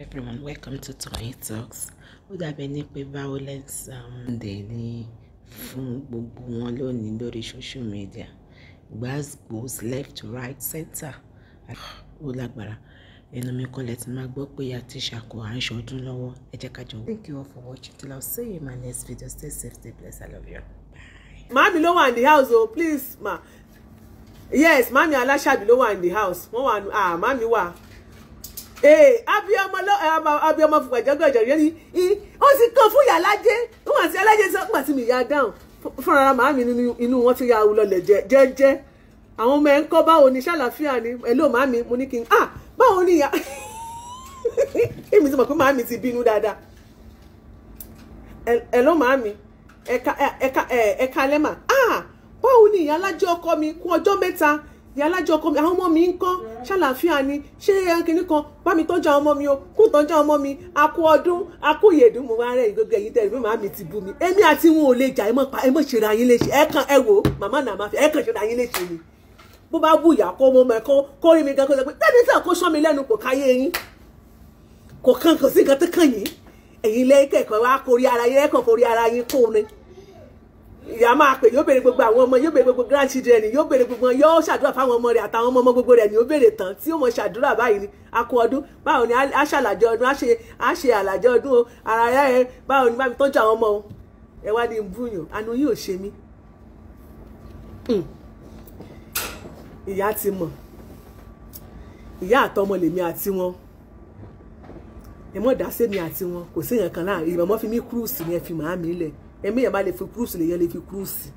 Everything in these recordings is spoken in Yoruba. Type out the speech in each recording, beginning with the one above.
everyone welcome to Tony Talks ó dàbí ẹni pé violence um, Monday ní fún gbogbo wọn lónìí lórí social media gbaz goes left right center ó lágbára ẹnu mi kọ́ lẹ ti máa gbọ́ pé àti ṣàkó à ń ṣọdún lọ́wọ́ ẹ jẹ́ ká jọ. thank you all for watching till i see you in my next video stay safe stay blessed i love you. màámi ló wà ní house o please ma yes màámi aláṣàbí ló wà ní house wọ́n wà ní ah màámi wà ee eh, abiyamọ lọ eh, abiyamọ fùgbàjọgbàjọ yẹn ni ó ti kàn fún ìyá alájẹ wọn àti alájẹ sọ pé àti mi ìyá dáhùn fúnra màá mi inú wọn ti ya lọlẹ jẹ́jẹ́ àwọn ọmọ ẹ ń kọ́ báwo ni ṣàlàfíà ni ẹlò màá mi mo ní kí n ah báwo ni ìyá èmi ti mọ̀ pé màá mi ti bínú dáadáa ẹlò màá mi ẹka ẹka ẹka lẹ́mà ah báwo ni ìyá alájẹ ọkọ mi kú ọjọ́ mẹ́ta ìyá alájọ ọkọ mi àwọn ọmọ mi ń kọ́ ṣàlàáfíà ni ṣé ẹnkìnní kan bá mi tọ́jú àwọn ọmọ mi o kú tọ́jú àwọn ọmọ mi a kú ọdún a kú ìyèdún mo wá rẹ̀ ìgbógun ẹ̀yìn tẹ̀lé mi màá mi ti bú mi èmi àti wọn ò lè jà ẹ mọ̀ pa ẹ mọ̀ ṣe ra yín léṣe ẹ kàn ẹ wò màmá nà máa fi ẹ kàn ṣe ra yín léṣe ni bó bá bú ìyá kó mo mọ̀ ẹ kó rí mi gan kó sọ pé tẹ́lẹ̀ sàn kó sán mi lẹ́nu kò káyé yín kò kàn kò sí nǹkan tó kàn yín ẹ̀yin lẹ́yìn kẹ̀kọ́ wá kórí ara yín lẹ́kàn kórí ara yín kó ni ìyá máa pè yóò béèrè gbogbo àwọn ọmọ yóò béèrè gbogbo grandchildren yóò béèrè gbogbo wọn yóò ṣàdúrà fáwọn ọmọ rẹ àtàwọn ọmọ ọmọ gbogbo rẹ ni ó béèrè tán tí ó mọ ṣàdúrà báyìí akọ ọdún báwo ni a ṣàlàjọ ọdún a ṣe a ṣe àlàjọ ọdún o ara ẹ báwo ni bámi tọ́jú àwọn ọmọ o ẹ wá ní búyàn àánú yìí ò ṣe mí. Hmm. ìyá ti mọ̀ ìyá àtọmọ lèmi àti wọn ẹ mọ̀ dá sẹ́mi àti wọn kò sí mi lẹ̀ Emi yẹn má lè fi cruise lèyẹn lè fi cruise.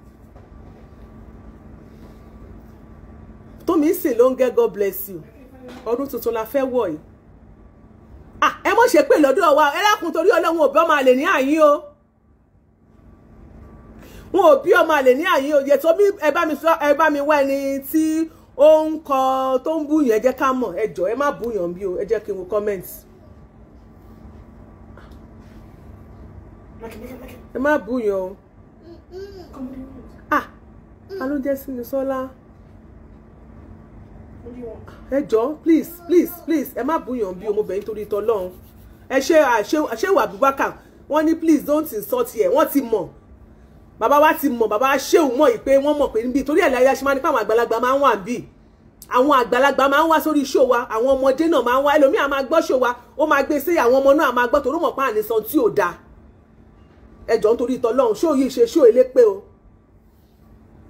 tómi ń sìn ló ń God bless you ọdún tuntun la fẹ́ wọ̀ Ah, ẹ mọ̀ ṣe pé lọ́dún wa ẹlẹ́kùn torí ọlọ́run òbí ọmọ àlè ní àyín o wọn ò bí ọmọ àlè ní àyín o yẹtọ mi ẹ bá mi sọ ẹ bá mi wá ẹni tí ó ń kọ tó ń bú yẹn ẹ jẹ́ ká mọ̀ ẹ jọ ẹ o ẹ jẹ́ kí n comment. ẹ má búyàn o ah alóúnjẹ sí mi sọlá ẹ jọ̀ọ́ please please please ẹ má búyàn bí ọmọbìnrin torí tọlọ́run ẹ ṣe àṣewà Abubakar wọ́n ní please don't insult here wọ́n ti mọ̀ bàbá wa ti mọ̀ bàbá ṣéwù mọ̀ yìí pé wọ́n mọ̀ pé níbi torí ẹ̀ láyé aṣọ máa ní pé àwọn àgbàlagbà máa ń wà níbí àwọn àgbàlagbà máa ń wá sórí show wa àwọn ọmọdé náà máa ń wá ẹlòmíì á máa gbọ́ show wa ó máa gbé sí àwọn ọmọ náà máa gbọ́ torí mọ̀ pé àníṣan tí ò dáa ẹjọ́ nítorí tọlọ́run ṣó yìí ṣe ṣó ilé pé o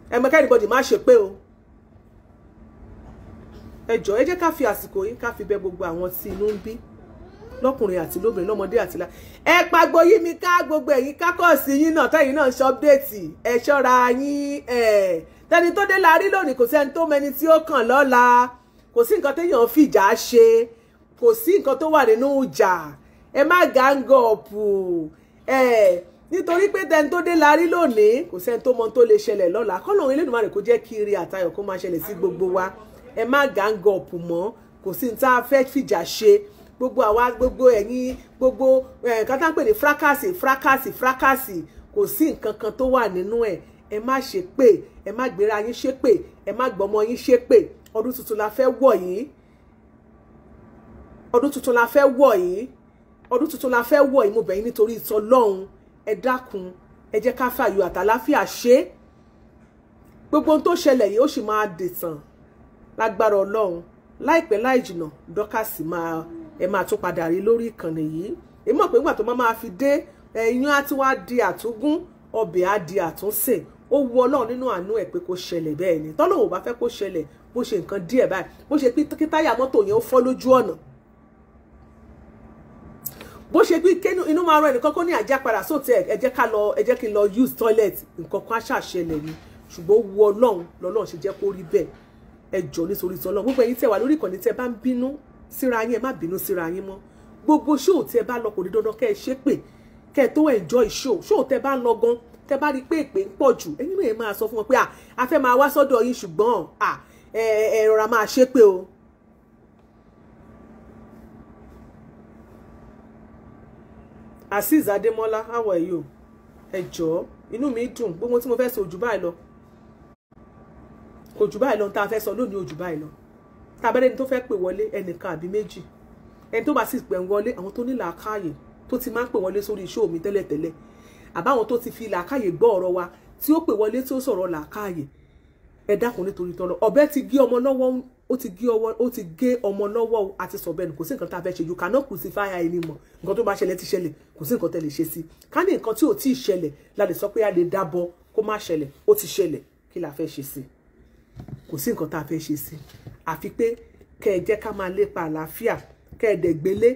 ẹ mọ kẹ́rin bọ́dì má ṣe pé o ẹjọ́ ẹ jẹ́ ká fi àsìkò yìí ká fi bẹ gbogbo àwọn tí inú ń bí lọkùnrin àti lóbìnrin lọmọdé àti la ẹ pagbo yí mi ká gbogbo ẹ̀yin kákọọsì yín náà tẹ̀yin náà ń ṣe ọpdéètì ẹ ṣọ́ra yín ẹ tẹni tó dé la rí lónìí kò sẹ́ni tó mẹni tí ó kàn lọ́la kò sí nǹkan téèyàn fìjà ṣe kò sí nǹkan tó wà nínú ìjà ẹ má gàǹgọ̀ ọ̀pù ẹ nítorí pé tẹni tó dé larí lónìí kò sẹ́ni tó mọ tó lè ṣẹlẹ̀ lọ́la kọ́lọ́run Elédùmarè kó jẹ́ kí ire àtayọ̀ kó máa ṣẹlẹ̀ sí gbogbo wa ẹ má gàǹgọ̀ ọ̀pù mọ́ kò sí ní tá a fẹ́ fìjà ṣe gbogbo àwa gbogbo ẹ̀yin gbogbo eh, kátà ń pè ní fúrákàsì fúrákàsì fúrákàsì kò sí nǹkan kan tó wà nínú ẹ̀ ẹ má ṣe pé ẹ má gbéra yín ṣe pé ẹ má gbọmọ yín ṣe pé ọdún tuntun la fẹ́ wọ̀ yìí ọdún tuntun la fẹ́ wọ̀ yìí mo bẹ̀ yín nítorí ìtọ́lọ́hún ẹ dákun ẹ jẹ́ ká fàyọ̀ àtàláfíà ṣe gbogbo ohun tó ṣẹlẹ̀ yìí ó sì máa dẹ̀tàn lágbára ọlọ́run láìpẹ́ láì jìnà dọ́kàsì máa ẹ máa tún padà rí lórí ìkànnì yìí èmi mọ̀ pé nígbà tó máa fi dé ẹ̀yìn á ti wá di àtúngún ọbẹ̀ á di àtúnṣe ó wu ọlọ́run nínú àánú ẹ̀ pé kó ṣẹlẹ̀ bẹ́ẹ̀ ni tọ́lọ́run ò bá fẹ́ kó ṣẹlẹ̀ bó ṣe nǹkan díẹ̀ báyìí bó ṣe pé kí táyà mọ́tò yẹn ó fọ́ lójú ọ̀nà bó ṣe gbé kénu inú máa rọ ẹnìkan kó ní àjá padà sóòtẹ ẹ jẹ́ ká lọ ẹ kí n lọ use toilet nǹkan kan ṣàṣẹlẹ̀ ni ṣùgbọ́n wu Ọlọ́run lọ́lọ́run ṣe jẹ́ kó rí bẹ́ẹ̀ ẹ jọ̀ọ́ nítorí tọ́lọ́run gbogbo ẹ̀yin tẹ́ wà lórí ìkànnì tẹ́ bá ń bínú síra yín ẹ má bínú síra yín mọ́ gbogbo ṣóò tẹ́ bá lọ kò ní dandan kẹ́ ẹ ṣépè kẹ́ ẹ tó enjoy show ṣóò tẹ́ bá lọ gan tẹ́ bá rí pé èpè ń pọ̀ jù ẹ̀yin mìíràn máa sọ fún wọn pé à a fẹ́ máa wá sọ́dọ̀ yín ṣùgbọ́n à ẹ ẹ rọra máa ṣépè o azeez Ademola, how are you ẹ jọ̀ọ́ inú mi dùn gbogbo tí mo fẹ́ sọ ojú báyìí lọ ojú báyìí lọ tá a fẹ́ sọ lónìí ojú báyìí lọ tá a bá rẹ́ni tó fẹ́ pè wọlé ẹnìkan àbí méjì ẹni tó bá sì pè wọlé àwọn tó ní làákàyè tó ti máa ń pè wọlé sórí iṣẹ́ mi tẹ́lẹ̀tẹ́lẹ̀ àbáwọn tó ti fi làákàyè gbọ́ ọ̀rọ̀ wa tí ó pè wọlé tí ó sọ̀rọ̀ làákàyè ẹ dákun nítorí tọ́lọ ọ̀bẹ ti gé ọmọ lọ́wọ́ ó ti gé ọwọ́ ó ti gé ọmọ lọ́wọ́ àti sọ̀bẹ́nu kò sí nǹkan tá a fẹ́ ṣe you cannot crucify her anymore nǹkan tó bá ṣẹlẹ̀ ti ṣẹlẹ̀ kò sí nǹkan tẹ́ lè ṣe sí ká ní nǹkan tí ò tí ì ṣẹlẹ̀ la lè sọ pé a lè dábọ̀ kó má ṣẹlẹ̀ ó ti ṣẹlẹ̀ kí la fẹ́ ṣe sí kò sí nǹkan tá a fẹ́ ṣe sí àfi pé kẹ́ ẹ jẹ́ ká máa lépa àlàáfíà kẹ́ ẹ dẹ̀ gbélé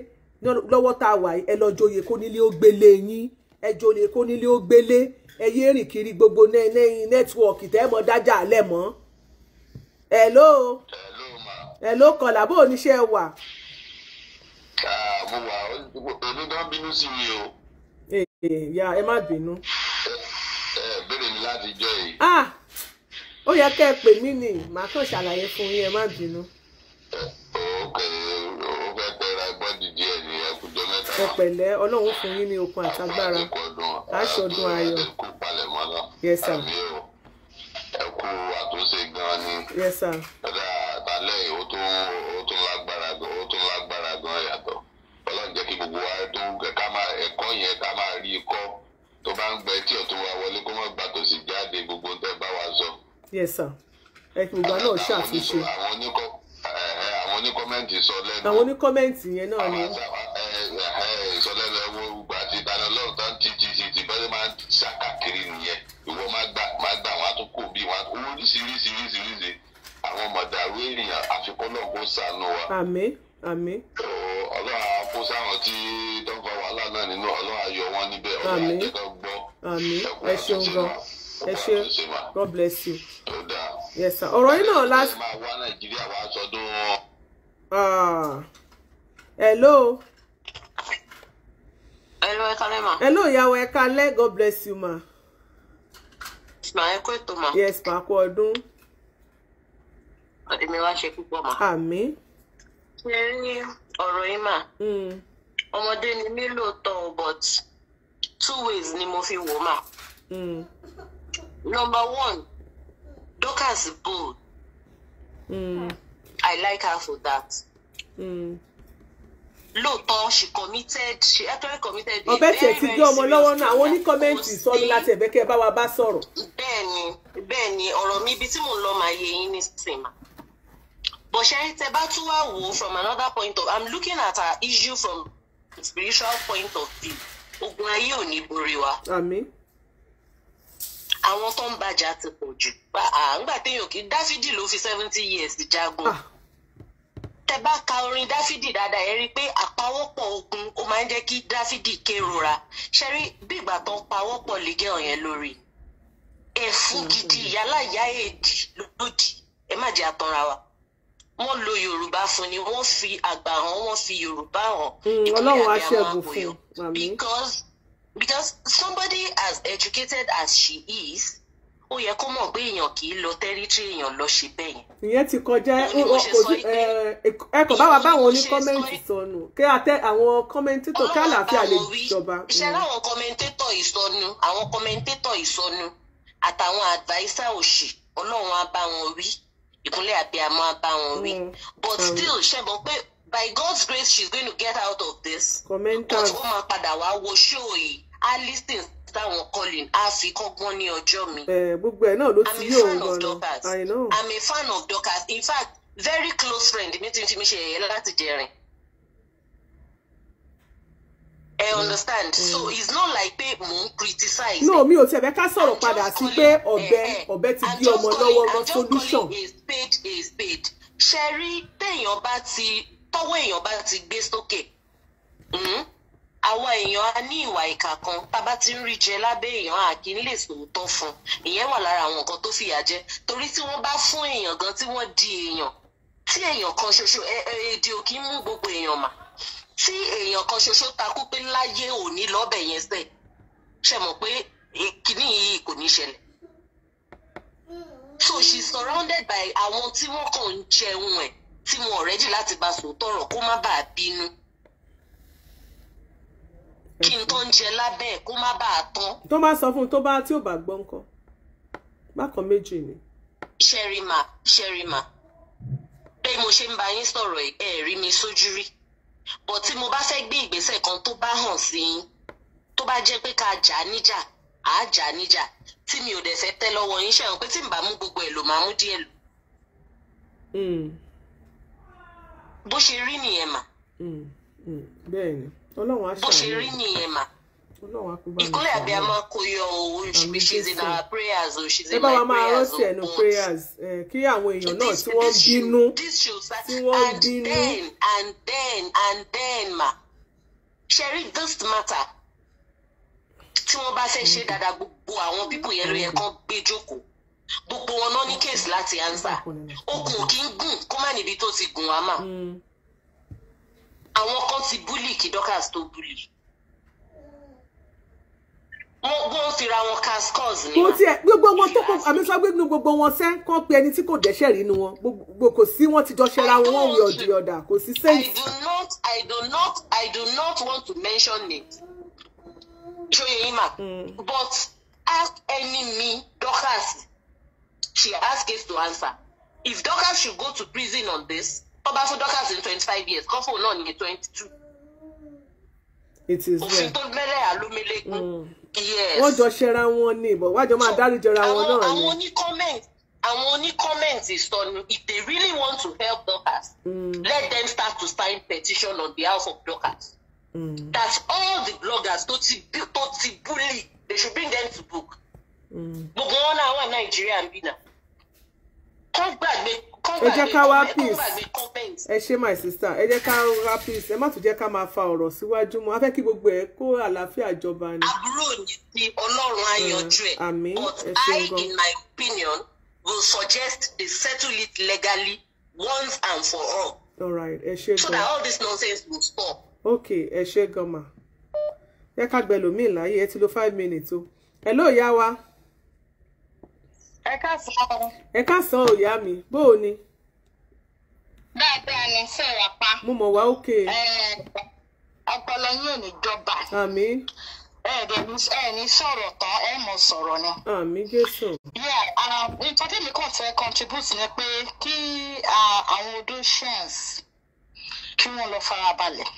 tá a wà ẹ lọ joyè kó nílé ó gbélé yín ẹ joyè kó nílé ó gbélé ẹ yé rìn kiri gbogbo nẹ́ẹ̀nẹ́yìn nẹ́tíwọ̀kì tẹ́ mọ́ dájà lẹ́mọ́ hello. hello ẹ ló kọlà bó oníṣẹ́ wà. Ah, mo wà òní tó ń bínú sí mi o. ìyá eh, eh, ẹ má bínú. ẹ bèrè mi láti jọ yìí. Ah, ó yẹ kẹ́ ẹ pè mí ni màá kàn ṣàlàyé fún yín ẹ má bínú. ẹ pẹ̀lẹ́ Ọlọ́run fún yín ní okun àtagbára aṣọdún ayọ̀ yes sir. ẹ kú àtúnṣe gan ni. yes sir. yes sir ẹkùn ìgbà náà ṣàtúnṣe. àwọn oníkọ́mẹ́ǹtì sọ lẹ́nu. àwọn oníkọ́mẹ́ǹtì yẹn náà ni. sọ lẹ́nu ẹ̀wọ̀ gbà tí ìdánilọ́run tán ti ti ti ti bẹ́ẹ̀ máa ń sá káàkiri nìyẹn ìwọ máa gbà wọn tó kò bí wọn oríṣiríṣiríṣiríṣi àwọn mọ̀dàrú ènìyàn àfikún náà kò sànú wa. àmín àmín. ọlọ́run kó sáwọn tí dọ́gba wàhálà náà nínú ọlọ́run ayọ̀ wọn níbẹ̀ ọlọ́run àjẹkọ̀ gbọ́. àmín ẹ ṣeun gan-an ẹ ṣe god bless you yes sir ọ̀rọ̀ yìí náà last. Ah. hello. hello ẹ ma. hello ìyàwó ẹ god bless you ma. ma ẹ kó ètò ma. yes ma kú ọdún. èmi wá ṣe púpọ̀ ma. àmín. ṣé ọ̀rọ̀ yìí mà. Hmm. ọmọdé ni mí lóòótọ́ but two ways ni mo fi wò ó number one Dorcas is bold mm. I like her for that. Mm. lóòótọ́ she committed she actually committed a ọbẹ̀ tiẹ̀ ti gbé ọmọ lọ́wọ́ náà àwọn oníkọ́mẹ́ǹtì sọ mi láti ẹ̀bẹ̀ kẹ́ ẹ bá wa bá sọ̀rọ̀. ọ̀rọ̀ mi ibi tí mò ń lọ máa yẹ yín nísìnyí mà bọ̀ṣẹ́ tẹ bá tún wá wò ó from another point of i'm looking at her issue from spiritual point of view ogun ayé ò ní borí wa. àmín àwọn tó ń bàjá ti pọ̀ jù àǹgbà téèyàn kì dáfídì ló fi seventy years jagun ah. tẹ bá ka orin dáfídì dáadáa ẹ rí i pé àpawọ́pọ̀ ogun ó máa ń jẹ́ kí dáfídì kérora ṣẹ́rí bí ìgbà tó ń pawọ́pọ̀ lẹ́gẹ̀ọ́ yẹn lórí ẹ̀fún mm-hmm. gidi yálà èdè lòdì ẹ má jẹ́ àtọ́ra wa wọ́n lo yorùbá fún ni wọ́n fi àgbà hàn wọ́n fi yorùbá hàn mm, ìpínlẹ̀ àbí àwọn òyò because because somebody as educated as she is ó yẹ kó mọ̀ pé èèyàn kì í lọ tẹ́rítírì èèyàn lọ ṣe bẹ́ẹ̀ yẹn. ìyẹn ti kọjá ẹ kò báwa báwọn oníkọ́mẹ́ǹtì sọnù kí àwọn kọ́mẹ́ǹtétọ̀ kí àlàáfíà lè jọba. ṣé mm. láwọn kọ́mẹ́ǹtétọ̀ ìsọnù àwọn kọ́mẹ́ǹtétọ̀ ìsọnù àtàwọn àdváísà òṣì ọlọ́run á bá wọn wí ìkúnlẹ̀ àbíàmọ́ á bá wọn wí mm. but still ṣẹ́gun pé by God's grace she's going to get out of this. kọ́mẹ́ntà but alison táwọn calling á fi kọ́gbọ́n ní ọjọ́ mi. gbogbo ẹ náà ló ti yí òun gan-an i know. i'm a fan of dorcas in fact very close friend mi ti fi mi ṣe ẹ̀yẹ láti jẹrin. I mm. understand mm. so it's not like pé mò ń criticize. no mi ò tiẹ̀ fẹ́ ká sọ̀rọ̀ padà sí pé ọ̀bẹ ọ̀bẹ ti di ọmọ lọ́wọ́ ọmọ solution. i'm just calling a spade a spade. ṣe rí téèyàn bá ti tọ́wọ́ èèyàn bá ti gbé sókè. Mm? àwa èèyàn á ní ìwà ìkà kan tá a bá ti ń rí jẹ lábẹ́ èèyàn à kì lè sòótọ́ fún un ìyẹn wà lára àwọn nǹkan tó fìyà jẹ torí tí wọ́n bá fún èèyàn gan tí wọ́n di èèyàn tí èèyàn kan ṣoṣo èdè ò mú gbogbo èèyàn mà tí èèyàn kan ṣoṣo takú pé láyé òní lọ́bẹ̀ yẹn sẹ̀ ṣe mọ̀ pé kínní yìí kò ní ṣẹlẹ̀ so she surrounded by àwọn tí wọ́n kàn ń jẹun ẹ̀ tí wọn ọ̀rẹ́dì láti bá sòótọ́ ọ̀rọ̀ kó má bàa bínú kí n tó ń jẹ lábẹ́ ẹ̀ kó má bàa tán. tó bá sọ fún un tó bá tí ò bá gbọ́ nǹkan bákan méjì ni. ṣẹ́rìmà ṣẹ́rìmà pé mo ṣe ń bá yín sọ̀rọ̀ ẹ̀ rí mi sójú rí bọ̀ tí mo bá fẹ́ gbé ìgbésẹ̀ kan tó bá hàn sí yín tó bá jẹ́ pé ká jà níjà á jà níjà tí mi ò dẹ̀ fẹ́ tẹ́ lọ́wọ́ yín ṣẹ̀wọ̀n pé tí n bá mú gbogbo ẹ̀ lò máa mú díẹ̀ lò. Hmm. bó ṣe rí nìyẹn mà. Hmm, hmm. bẹ́ẹ̀ ni ọlọ́run á ṣàánú bó ṣe rí nìyẹn mà ọlọ́run á kú bá mi ṣàánú ìkúnlẹ̀ abiyamọ kò yọ o she's in our prayers o she's in my prayers o ẹ bá wa kí àwọn èèyàn náà tí wọ́n bínú tí wọ́n bínú. and then and then and then ma sherry this matter tí wọ́n bá fẹ́ ṣe dáadáa gbogbo àwọn pípò yẹn ló yẹ kán gbé jókòó gbogbo wọn náà ní kéèsì láti ánsà okùn kì í gùn kó má níbi tó ti gùn wá mà àwọn kan ti búlì kí Dorkas tó búlì wọ́n gbọ́ fira wọn ka scores ni. mo tiẹ̀ gbogbo wọn tó kọ́kọ́ àmì gbogbo wọn sẹ́ kọ́ pe ẹni tí kò dẹ́ṣẹ̀ rí nu wọn gbogbo kò sí wọn ti jọ ṣẹra wọn wọn ọ̀dì ọ̀dà kò sí sẹ́yìn. I do not I do not I do not want to mention it ṣóyeyima hmm. but ask any me Dorkas she has case to answer if Dorkas should go to prison on this tó bá fún dọ́kàsì ní twenty five years kọ́fò náà ní twenty two. It is well. òfin tó mẹ́rẹ̀ àlómélégún. Mm. wọ́n jọ ṣẹra wọn ni ìbọn wájọ máa dáríjọra wọn náà ni. àwọn oní comment àwọn oní comment ìsọnù if they really want to help Dorcas mm. let them start to sign petition on behalf of Dorcas. Mm. that all the bloggers tó ti tó ti bully they should bring them to book. Mm. gbogbo wọn náà wà Nàìjíríà ń bí náà kán gbà mí kán gbà mí ẹ ṣe my sister ẹ jẹ́ ká ra peace ẹ má tún jẹ́ ká máa fa ọ̀rọ̀ síwájú mọ́ a kí gbogbo ẹ̀ kó àlàáfíà jọba ni. àbúrò ni ọlọ́run á ẹ̀ mm, but I in my opinion will suggest they settle it legally once and for all. all right ẹ ṣe gan. so that all this nonsense will stop. okay ẹ ṣe gan ma ẹ ká gbẹ lómi ẹ ti lò five minutes o. hello ìyá wa ẹ káàsán o. ẹ káàsán o ìyá mi bó o ni. dáadáa ni ṣe wà pa. mo mọ̀ wá òkè. ọpọlọ yín ò ní jọba. àmín. ẹ ẹ ní sọ̀rọ̀ tán ẹ mọ̀ sọ̀rọ̀ ni. àmín jésù. Um, nǹkan tí mi kàn fẹ́ contribute ni pé kí àwọn auditions kí wọ́n lọ farabalẹ̀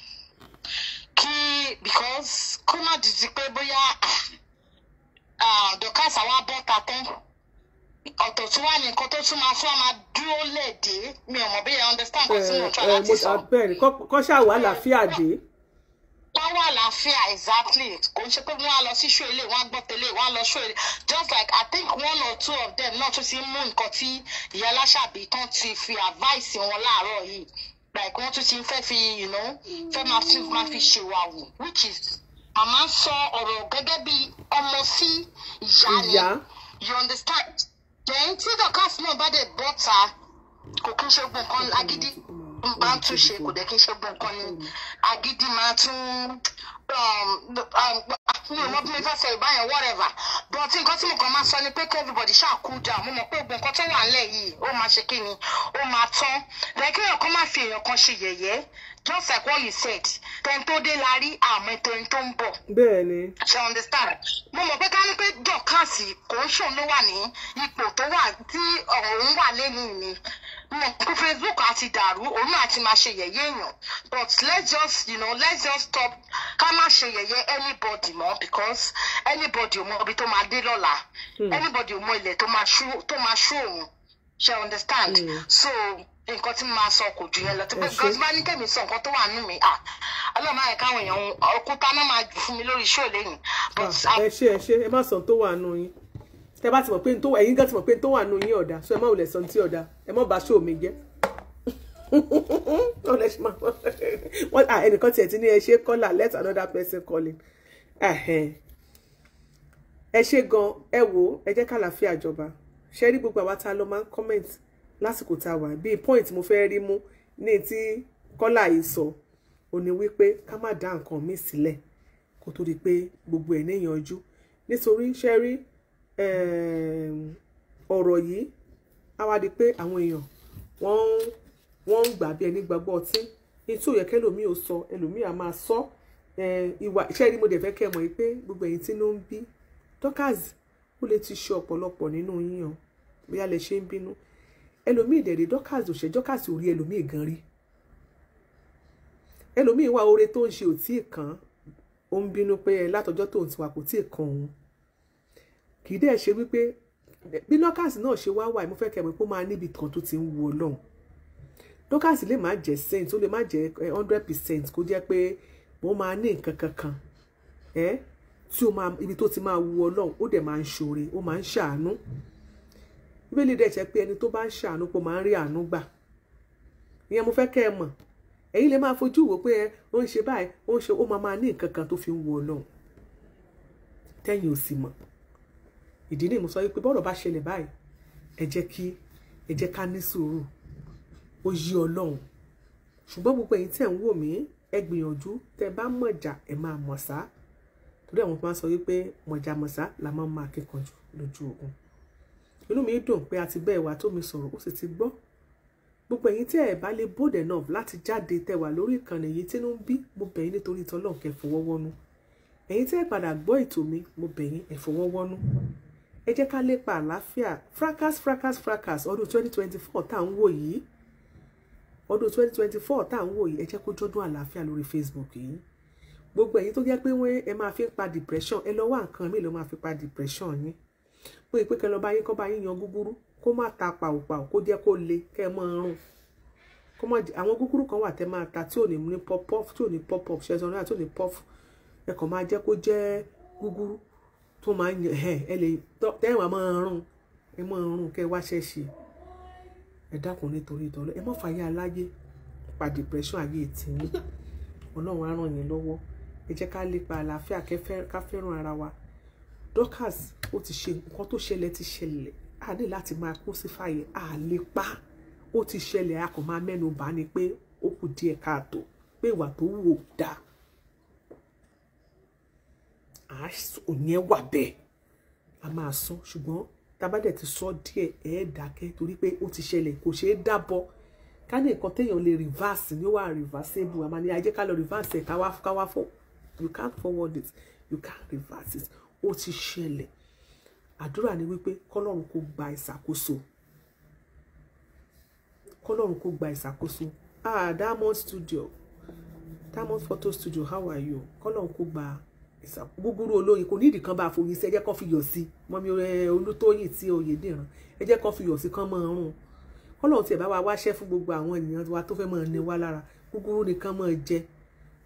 kí because kó má dìde pé bóyá ah, ah, dọ̀kásà wa bọ́ ta tán ọ̀tọ̀ tún wà ní nǹkan tó tún máa fún ọmọ dúró lẹ́ẹ̀dẹ́ mi ò mọ̀ bí ẹ understand kò sí nǹkan eh, eh, láti sọ. bẹ́ẹ̀ kọ́ ṣàwọ̀ àlàáfíà dé. wọ́n wà láàfíà exactly kò ń ṣe pé wọ́n á lọ sí ṣó ilé wọ́n á gbọ́ tẹ́lẹ̀ wọ́n á lọ ṣó ilé just like I think one or two of them náà tún ti mú nǹkan tí ìyá aláṣàbí tán ti fi advice wọn láàárọ̀ yìí like wọ́n tún ti fẹ́ fi you know fẹ́ máa fi ṣèwàwù which is màmá sọ ọ̀rọ̀ gẹ́gẹ́ bí ọmọ sí ìyá ni you understand then tí dọkas náà bá dé bọ́ta kò kí n ṣe gbọ̀n kan agídí máa ń túnṣe kò dẹ̀ kí n ṣe gbọ̀n kan ni agídí máa tún mi ò mọ bí mi fẹ́ sẹ ìbáyẹn whatever but nǹkan tí mo kàn máa sọ ni pé kí everybody ṣáà cool down mo mọ̀ pé ogun nǹkan tó wà nílẹ̀ yìí ó máa ṣe kí ni ó máa tán lẹ́yìn kí èèyàn máa fi èèyàn kan ṣe yẹ̀yẹ́ just like what you said tóun tó dé la rí àmọ́ tóun tó ń bọ̀. bẹ́ẹ̀ni. ṣe understand mo mọ̀ pé ká ní pé dọ̀kásì kò ń ṣòun ló wà ní ipò tó wà tí òun wà lẹ́nu mi mo kó facebook àti dàrú òun náà ti máa ṣe yẹ̀yẹ́ èèyàn but let's just you know let's just stop ká má ṣe yẹ̀yẹ́ anybody mọ́ because anybody ò mọ ibi tó máa dé lọ́la hmm. anybody ò mọ ilẹ̀ tó máa ṣú òun ṣe understand mm. so nǹkan tí màá sọ kò ju yẹn lọ tí pé gọ́sí bá ní kẹ́mi sọ nǹkan tó wà nù mí à ọlọ́mọ ayẹ káwọn èèyàn òkúta náà máa jù fún mi lórí iṣẹ́ òlẹ́yìn. Ah, ẹ ṣe ẹ ṣe ẹ má sọ tó wà nù yín tẹ bá ti mọ̀ pé ẹ̀yin gan ti mọ̀ pé tó wà nù yín ọ̀dà so ẹ má wulẹ̀ sọ ti ọ̀dà ẹ má bà ṣó mi jẹ́ ẹnìkan tiẹ̀ ti ní ẹ ṣe kọ́là let another person call him ẹ ṣe gan ẹ wò ẹ jẹ́ kálàáfíà jọba ṣe rí gbogbo àwa tá lọ máa ń comment lásìkò tá a wà bíi point mo fẹ́ rí mú ní tí kọ́là yìí sọ ò ní wípé ká má dá nǹkan míì sílẹ̀ kó tó di pé gbogbo ẹ̀ níyanjú nítorí ṣe rí ehm, ọ̀rọ̀ yìí á wá di pé àwọn èèyàn wọ́n ń gbà bí ẹni gbàgbọ́ ọtí etí yẹ kẹlòmíì ò sọ ẹlòmíì á máa sọ ehm, ìwà ṣe rí mo dẹ̀ fẹ́ kẹ́ ẹ mọ̀ pé gbogbo ẹ̀yin tí ló ń bí Dorkas ó lè ti ṣe ọ̀pọ̀lọpọ̀ nínú yín bóyá lè ṣe ń bínú ẹlòmíì dẹ̀rẹ̀ dọ́kàs ò ṣe dọ́kàs ò rí ẹlòmíì gan rí ẹlòmíì wá oore tó ń ṣe ò tí ì kàn ó ń bínú pé ẹ látọjọ́ tóun ti wà kò tí ì kàn òun kì í dẹ̀ ṣe wípé bí dọ́kàs náà ṣe wá wà mo fẹ́ kẹ́ mọ̀ pé ó máa níbi kan tó ti ń wu ọlọ́run dọ́kàs lè má jẹ́ cent ó lè má jẹ́ eh, hundred percent kó jẹ́ pé wọ́n máa ní nǹkan kankan ẹ́ eh, tí ibi tó ti máa wu ọlọ́run ó dẹ̀ máa ń ṣoore ó máa ń ṣàánú bíbélì dẹ̀ ṣe pé ẹni tó bá ń ṣàánú pọ̀ máa ń rí àánú gbà ìyẹn mo fẹ́ kẹ́ ẹ mọ̀ ẹ̀yin lè máa fojú wò pé ó ń ṣe báyìí ó ń ṣe ó máa máa ní nǹkan kan tó fi ń wo ọlọ́run tẹ́yìn ò sì mọ̀ ìdí ni mo sọ pé bọ́rọ̀ bá ṣẹlẹ̀ báyìí ẹ jẹ́ kí ẹ jẹ́ ká ní sùúrù ó yí ọlọ́run ṣùgbọ́n gbogbo ẹ̀yin tẹ̀ ń wò mí ẹ gbìyànjú tẹ́ bá mọ̀jà ẹ máa mọ̀sá torí àwọn tó máa sọ wípé mọ̀jà mọ̀sá la máa ń máa kíkanjú lójú ogun inú mi dùn pé a ti gbọ́ ẹ̀wà tó mi sọ̀rọ̀ ó sì ti gbọ́ gbogbo ẹ̀yin tí ẹ̀ bá lè bold enough láti jáde tẹ̀wà lórí ìkànnì yìí tínú ń bí mo bẹ̀ yín nítorí tọ́lọ́ kẹ́ fọwọ́wọ́nú ẹ̀yin tí ẹ̀ padà gbọ́ ètò mi mo bẹ̀ ẹ̀ fọwọ́wọ́nú ẹ jẹ́ ká lépa àlàáfíà fracas fracas fracas ọdún 2024 tá à ń wò yìí ọdún 2024 tá à ń wò yìí ẹ jẹ́ kó jọ́dún àlàáfíà lórí Facebook yìí gbogbo ẹ̀yin tó jẹ́ pé wọ́n ẹ máa fi ń pa depression ẹ lọ wá nǹkan míì ló máa fi pa depression yín mo ì pé kẹ lọ bá yín kọ́ bá yín yan gúgúrú kó má ta pàwùpàwù kó jẹ́ kó le kẹ́ ẹ máa rún kó má jẹ àwọn gúgúrú kan wà tẹ́ máa ta tí ò ní ní pop pop tí ò ní pop pop ṣe sanra tí ò ní pop ẹ kàn máa jẹ́ kó jẹ́ gúgúrú tó máa ń ẹ ẹ lè tẹ́ wàá máa rún ẹ máa rún kẹ́ ẹ wá ṣẹ́ ṣe ẹ dákun nítorí ìtọ́lọ́ ẹ má fàyà aláyé pa depression ayé tìyín ọlọ́run á ràn yín lọ́wọ́ ẹ jẹ́ ká lépa àlàáfíà ká fẹ́ràn ara wa Dorcas ó ti ṣe nǹkan tó ṣẹlẹ̀ ti ṣẹlẹ̀ a ní láti máa kó sí fàyè a lè pa ó ti ṣẹlẹ̀ a kò máa mẹ́nu bá ni pé ó kù díẹ̀ káàtó pé ìwà tó wù ó dáa à òyìn wà bẹ́ẹ̀ a máa sọ ṣùgbọ́n tabadẹ̀ ti sọ díẹ̀ ẹ̀ dákẹ́ torí pé ó ti ṣẹlẹ̀ kò ṣeé dábọ̀ ká ní nǹkan téèyàn lè reverse ní wà reversible àmà ní ajé ká lọ reverse ẹ̀ káwá fọ you can't forward it you can't reverse it ó ti ṣẹlẹ̀ àdúrà ni wípé kọ́lọ́run kó gba ìṣàkóso kọ́lọ́run kó gba ìṣàkóso ah diamond studio diamond photo studio how are you kọ́lọ́run kó gba ìṣàkóso gúgúrú olóyin kò nídìí kan bá a foyín sí ẹ jẹ́ kó fi yọ̀ sí mọ́mí olútóyìn tí oyè dìran ẹ jẹ́ kó fi yọ̀ sí kán mọ́ ọrùn kọ́lọ́run tiẹ̀ bá wa wáṣẹ́ fún gbogbo àwọn ènìyàn wa tó fẹ́ máa ní wa lára gúgúrú nìkan máa jẹ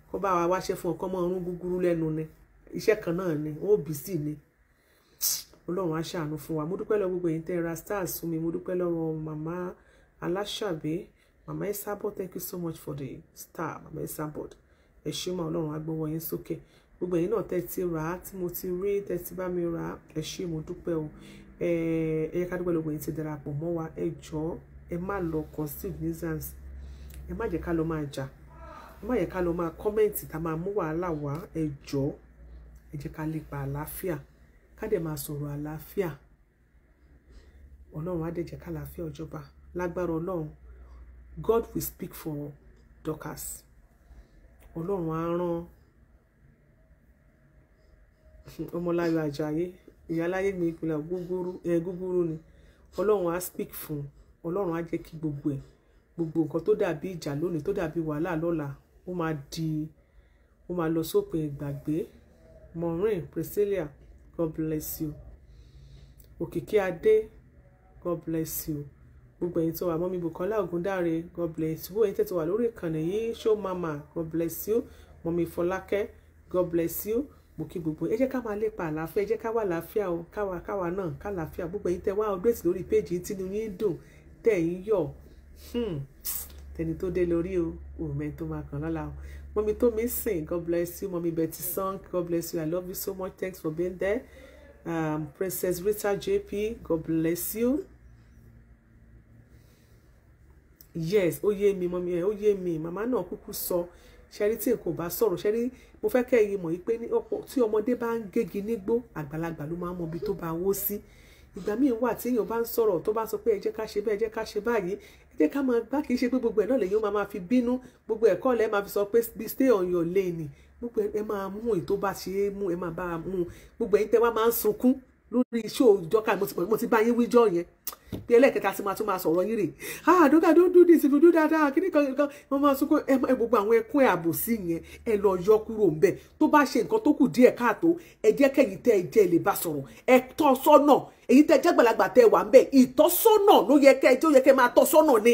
kó bá wa wáṣẹ́ fún ọkọ́ máa rún gúgúrú lẹ́nu ni iṣẹ́ kan náà ni ó bì sí ni ọlọ́run á ṣàánú fún wa mo dúpẹ́ lọ gbogbo ẹ̀yin tẹ́ ra stars fún mi mo dúpẹ́ lọ́wọ́ màmá aláṣàbí màmá Esabod thank you so much for the star mama Esabod ẹ ṣé mà ọlọ́run á gbọ́wọ́ yín sókè gbogbo ẹ̀yin náà tẹ́ ti tí mo ti rí tẹ́ ti bá mi rà á ẹ ṣé mo dúpẹ́ o ẹ yẹ ká dúpẹ́ lọ gbogbo ti darapọ̀ mọ́ wa ẹ jọ̀ọ́ ẹ má lọ conceive nuisance ẹ má jẹ́ ká lọ máa jà ẹ má jẹ́ ká lọ máa kọ́mẹ̀ntì tá máa mú wàhálà wá ẹ jọ̀ọ́ ẹ jẹ́ ká lè pa àlàáfíà á dẹ̀ máa sọ̀rọ̀ àlàáfíà ọlọ́run á dẹ̀ jẹ́ kálàáfíà ọjọ́ba lágbára ọlọ́run God will speak for Dorcas ọlọ́run á rán ọmọláyọ̀ ajayi ìyáláyé mi ìpínlẹ̀ gúgúrú ni ọlọ́run á speak fún ọlọ́run á jẹ́ kí gbogbo ẹ̀ gbogbo nǹkan tó dàbí ìjà lónìí tó dàbí wàhálà lọ́la ó máa di ó máa lọ sópin ìgbàgbé Maureen Priscilla God bless you. Òkìkí Adé, God bless you. Gbogbo ẹ̀yin tó wà mọ́mí Bùkọ́lá Ògúndáre, God bless you. Gbogbo ẹ̀yin tó wà lórí ìkànnì yìí, Show Mama, God bless you. Mọ́mí Fọlákẹ́, God bless you. Mo kí gbogbo ẹ jẹ́ ká máa lépa àlàáfíà, ẹ jẹ́ ká wà àlàáfíà o, káwa káwa náà ká àlàáfíà. Gbogbo ẹ̀yin tẹ wá update lórí péjì tí inú yín dùn, tẹ̀ yín yọ̀. Hmm tẹni tó dé lórí o òmẹ tó máa kàn lọ́la o mọ́mi tó mi sìn god bless you mọ́mi betty song god bless you i love you so much thanks for being there um, princess rita jp god bless you yes ó yé mi mọ́mi ẹ̀ ó mi màmá náà kúkú sọ ṣẹ́rí tí n kò bá sọ̀rọ̀ ṣẹ́rí mo fẹ́ kẹ́ ẹ̀yin mọ̀ yìí pé tí ọmọdé bá ń gégi nígbó àgbàlagbà ló máa ń mọ ibi tó bá wó sí ìgbà míì wà tí èèyàn bá ń sọ̀rọ̀ tó bá sọ pé ẹ jẹ́ ká ṣe bẹ́ẹ̀ ẹ jẹ́ ká ṣe báyìí jẹ́ ká máa gbá kì í ṣe pé gbogbo ẹ̀ náà lẹ́yìn ó máa fi bínú gbogbo ẹ̀kọ́ lẹ́ máa fi sọ pé stay on your lane gbogbo ẹ máa mú èyí tó bá ṣe é mú ẹ máa bá a mú gbogbo ẹ̀yin tẹ́ wá máa ń sunkún lórí iṣẹ́ òjọ́ka mo ti bá yín wíjọ́ yẹn bí ẹlẹ́ẹ̀kẹta sí máa tún máa sọ̀rọ̀ yín rè ah dókà don't do this if you do that ah kíní kan kan wọ́n máa sunkún ẹ gbogbo àwọn ẹkún ẹ àbòsí yẹn ẹ lọ yọ kúrò ńbẹ tó bá ṣe nǹkan tó kù díẹ̀ káàtó ẹ jẹ́ kẹ́yìn tẹ́ ẹ jẹ́ ẹ lè bá sọ̀rọ̀ ẹ tọ́ sọ́nà èyí tẹ́ jẹ́gbàlagbà tẹ́ wà ńbẹ ìtọ́sọ́nà ló yẹ kẹ́ ẹ jẹ́ ó yẹ kẹ́ máa tọ́ sọ́nà ni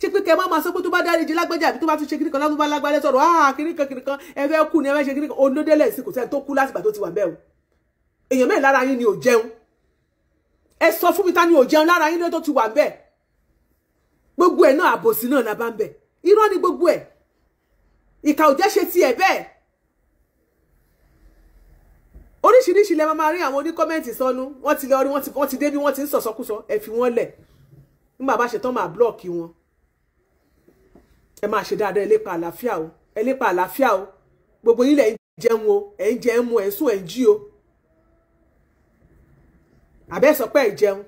ṣé pé kẹ́ máa máa sọ pé tó bá dáríji lágbẹ́jà àbí tó bá tún ṣe kíníkan lágbàlẹ́ sọ̀rọ̀ ah kíníkan kíníkan ẹ fẹ́ kù ni ẹ fẹ́ ṣe kíníkan olódélẹ̀ sí kò sẹ́ni tó kú láti ìgbà tó ti wà ńbẹ o èèyàn mẹ́rin lára yín ni ò jẹun ẹ sọ fún mi ta ni ò jẹun lára yín lọ́dọ̀ ti wà bẹ́ẹ̀ gbogbo ẹ̀ náà àbòsí náà la bá ń bẹ̀ irọ́ ni gbogbo ẹ̀ ìkà ò jẹ́ ṣe tiẹ̀ bẹ́ẹ̀ oríṣiríṣi lẹ máa rí àwọn oníkọ́mẹ́ǹtì sọnù wọ́n ti lọ rí wọ́n ti débi wọ́n ti ń sọ̀sọ́kúsọ ẹ fi wọ́n lẹ̀ nígbà bá ṣetán máa blọ́ọ̀kì wọn ẹ máa ṣe dáadáa ẹ lépa àlàáfíà o ẹ àlàáfíà o gbogbo yín lẹ jẹun o ẹ ń jẹ ẹ ń mu ẹ ń sùn ẹ ń jí o àbẹ́ sọ pé ìjẹun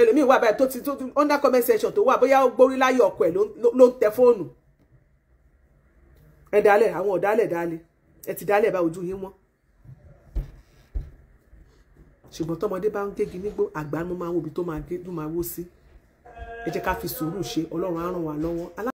ẹlòmíì wà báyìí tó ti tó under comment section tó wà bóyá ó gbórí láyé ọkọ ẹ̀ ló ń tẹ fóònù ẹ dálẹ̀ àwọn ọ̀dálẹ̀ dálẹ̀ ẹ ti dálẹ̀ bá ojú yín wọ́n ṣùgbọ́n tọmọdé bá ń gégi nígbó àgbà ló máa wo ibi tó máa wó sí ẹ jẹ́ ká fi sùúrù ṣe ọlọ́run á ràn wá lọ́wọ́.